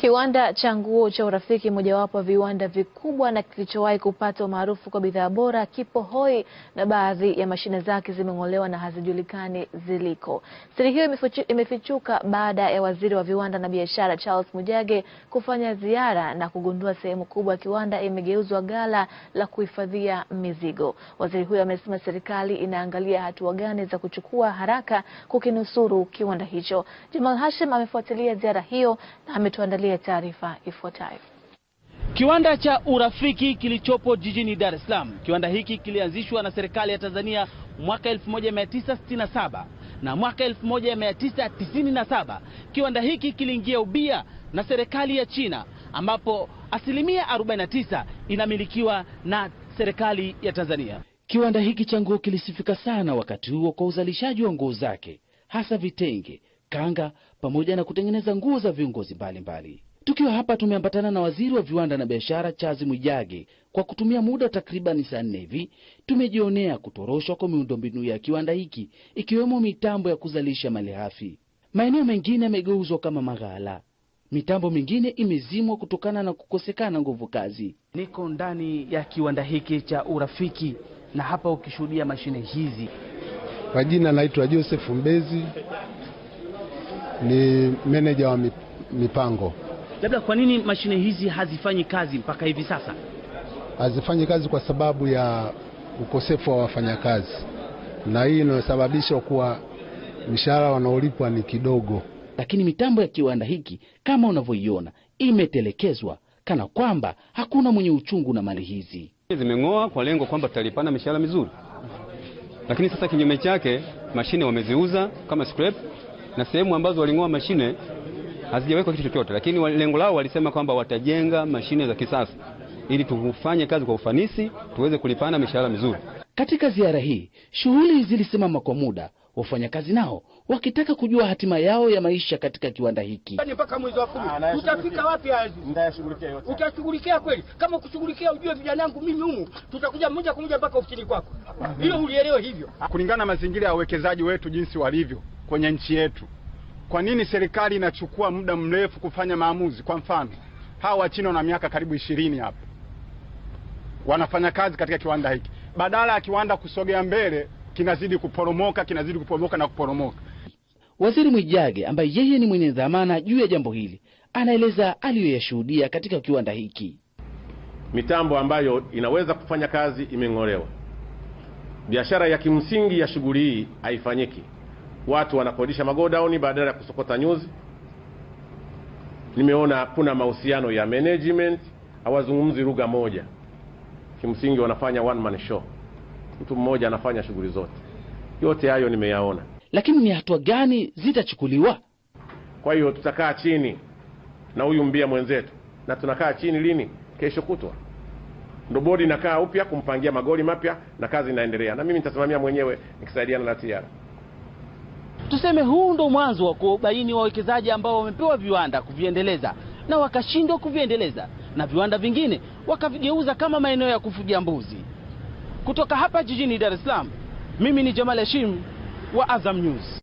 Kiwanda cha nguo cha Urafiki, mojawapo wa viwanda vikubwa na kilichowahi kupata umaarufu kwa bidhaa bora, kipo hoi na baadhi ya mashine zake zimeng'olewa na hazijulikani ziliko. Siri hiyo imefichuka baada ya waziri wa viwanda na biashara Charles Mujage kufanya ziara na kugundua sehemu kubwa ya kiwanda imegeuzwa ghala la kuhifadhia mizigo. Waziri huyo amesema serikali inaangalia hatua gani za kuchukua haraka kukinusuru kiwanda hicho. Jamal Hashim amefuatilia ziara hiyo na ametuandalia ya taarifa ifuatayo. Kiwanda cha Urafiki kilichopo jijini Dar es Salaam. Kiwanda hiki kilianzishwa na serikali ya Tanzania mwaka 1967 na mwaka 1997 kiwanda hiki kiliingia ubia na serikali ya China ambapo asilimia 49 inamilikiwa na serikali ya Tanzania. Kiwanda hiki cha nguo kilisifika sana wakati huo kwa uzalishaji wa nguo zake hasa vitenge kanga pamoja na kutengeneza nguo za viongozi mbalimbali. Tukiwa hapa tumeambatana na waziri wa viwanda na biashara chazi Mwijage. Kwa kutumia muda takribani saa nne hivi tumejionea kutoroshwa kwa miundombinu ya kiwanda hiki ikiwemo mitambo ya kuzalisha hafi Maeneo mengine yamegeuzwa kama maghala, mitambo mingine imezimwa kutokana na kukosekana nguvu kazi. Niko ndani ya kiwanda hiki cha Urafiki na hapa ukishuhudia mashine hizi. Kwa jina naitwa Joseph Mbezi, ni meneja wa mipango. Labda kwa nini mashine hizi hazifanyi kazi mpaka hivi sasa? Hazifanyi kazi kwa sababu ya ukosefu wa wafanyakazi, na hii inayosababisha kuwa mishahara wanaolipwa ni kidogo. Lakini mitambo ya kiwanda hiki kama unavyoiona imetelekezwa, kana kwamba hakuna mwenye uchungu na mali hizi. Zimeng'oa kwa lengo kwamba tutalipana mishahara mizuri, lakini sasa kinyume chake mashine wameziuza kama scrap na sehemu ambazo waling'oa mashine hazijawekwa kitu chochote, lakini lengo lao walisema kwamba watajenga mashine za kisasa ili tufanye kazi kwa ufanisi, tuweze kulipana mishahara mizuri. Katika ziara hii shughuli zilisimama kwa muda, wafanyakazi nao wakitaka kujua hatima yao ya maisha katika kiwanda hiki. Yaani mpaka mwezi wa kumi tutafika ah, wapi? Utashughulikia kweli? Kama kushughulikia, ujue vijana wangu mimi humu, tutakuja moja kwa moja mpaka ofisini kwako. Hilo ulielewe hivyo, kulingana na mazingira ya uwekezaji wetu jinsi walivyo kwenye nchi yetu. Kwa nini serikali inachukua muda mrefu kufanya maamuzi? Kwa mfano, hawa Wachina wana miaka karibu ishirini hapa wanafanya kazi katika kiwanda hiki, badala ya kiwanda kusogea mbele, kinazidi kuporomoka, kinazidi kuporomoka na kuporomoka. Waziri Mwijage ambaye yeye ni mwenye dhamana juu ya jambo hili anaeleza aliyoyashuhudia katika kiwanda hiki. Mitambo ambayo inaweza kufanya kazi imeng'olewa, biashara ya kimsingi ya shughuli hii haifanyiki watu wanakodisha magodauni badala ya kusokota nyuzi. Nimeona hakuna mahusiano ya management, hawazungumzi lugha moja. Kimsingi wanafanya one man show, mtu mmoja anafanya shughuli zote. Yote hayo nimeyaona, lakini ni hatua gani zitachukuliwa? Kwa hiyo tutakaa chini na huyu mbia mwenzetu, na tunakaa chini lini? Kesho kutwa ndo bodi inakaa upya kumpangia magoli mapya, na kazi inaendelea, na mimi nitasimamia mwenyewe nikisaidiana na TR. Tuseme huu ndo mwanzo wa kubaini wawekezaji ambao wamepewa viwanda kuviendeleza na wakashindwa kuviendeleza, na viwanda vingine wakavigeuza kama maeneo ya kufugia mbuzi. Kutoka hapa jijini Dar es Salaam, mimi ni Jamal Hashim wa Azam News.